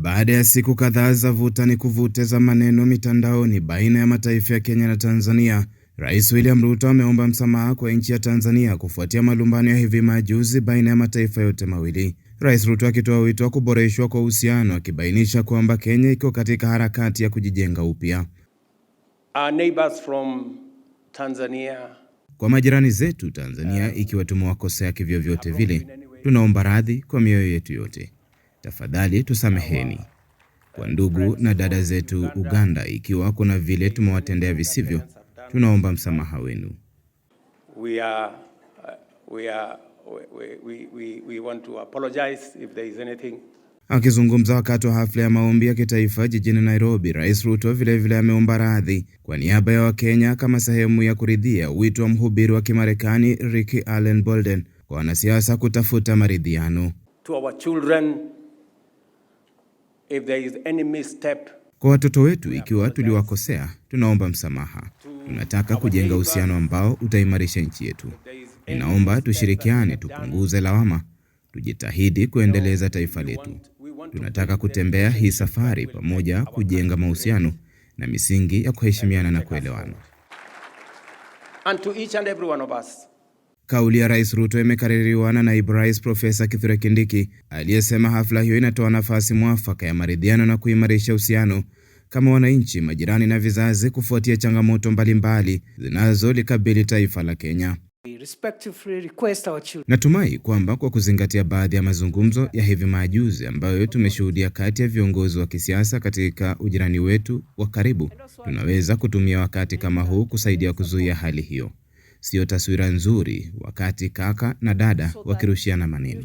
Baada ya siku kadhaa za vuta ni kuvute za maneno mitandaoni baina ya mataifa ya Kenya na Tanzania, Rais William Ruto ameomba msamaha kwa nchi ya Tanzania kufuatia malumbano ya hivi majuzi baina ya mataifa yote mawili. Rais Ruto akitoa wito wa kuboreshwa kwa uhusiano, akibainisha kwamba Kenya iko katika harakati ya kujijenga upya. Our neighbors from Tanzania kwa majirani zetu Tanzania uh, ikiwa tumewakosea kivyovyote vile, tunaomba radhi kwa mioyo yetu yote. Tafadhali tusameheni kwa ndugu na dada zetu Uganda, ikiwa kuna vile tumewatendea visivyo, tunaomba msamaha wenu. We are, uh, we are, Akizungumza wakati wa hafla ya maombi ya kitaifa jijini Nairobi, Rais Ruto vilevile ameomba radhi kwa niaba ya Wakenya kama sehemu ya kuridhia wito wa mhubiri wa Kimarekani Ricky Allen Bolden kwa wanasiasa kutafuta maridhiano. To our children if there is any misstep. Kwa watoto wetu, ikiwa tuliwakosea, tunaomba msamaha. Tunataka kujenga uhusiano ambao utaimarisha nchi yetu. Ninaomba tushirikiane, tupunguze lawama, tujitahidi kuendeleza taifa letu. Tunataka kutembea hii safari pamoja, kujenga mahusiano na misingi ya kuheshimiana na kuelewana. And to each and every one of us. Kauli ya Rais Ruto imekaririwa na naibu rais Profesa Kithure Kindiki aliyesema hafla hiyo inatoa nafasi mwafaka ya maridhiano na kuimarisha uhusiano kama wananchi, majirani na vizazi, kufuatia changamoto mbalimbali zinazolikabili taifa la Kenya. Natumai kwamba kwa kuzingatia baadhi ya mazungumzo ya hivi majuzi ambayo tumeshuhudia kati ya viongozi wa kisiasa katika ujirani wetu wa karibu, tunaweza kutumia wakati kama huu kusaidia kuzuia hali hiyo. Siyo taswira nzuri wakati kaka na dada wakirushiana maneno.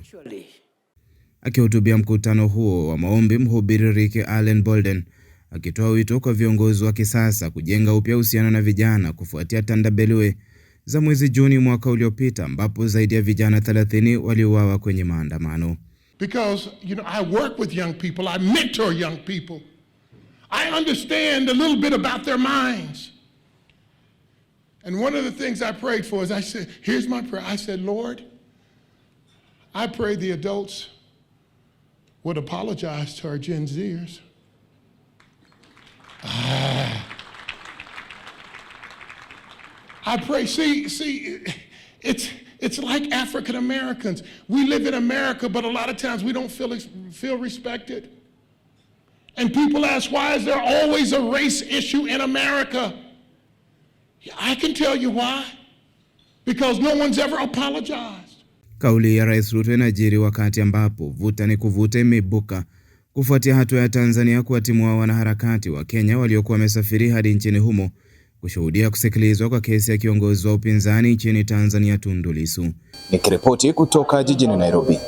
Akihutubia mkutano huo wa maombi, mhubiri rike Allen Bolden akitoa wito kwa viongozi wa kisasa kujenga upya uhusiano na vijana kufuatia tandabelue za mwezi Juni mwaka uliopita ambapo zaidi ya vijana 30 waliuawa kwenye maandamano. Because, you know, I work with young people, I mentor young people. I understand a little bit about their minds. And one of the things I prayed for is I said, here's my prayer. I said, Lord, I pray the adults would apologize to our Gen Zers. Ah. I pray, see, see, it's, it's like African Americans. We live in America, but a lot of times we don't feel, feel respected. And people ask, why is there always a race issue in America? I can tell you why. Because no one's ever apologized. Kauli ya Rais Ruto inajiri wakati ambapo vuta ni kuvuta imeibuka kufuatia hatua ya Tanzania kuwatimua wanaharakati wa Kenya waliokuwa wamesafiri hadi nchini humo kushuhudia kusikilizwa kwa kesi ya kiongozi wa upinzani nchini Tanzania Tundu Lissu. Nikiripoti kutoka jijini Nairobi,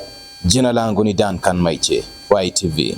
jina langu ni Duncan Maiche ITV.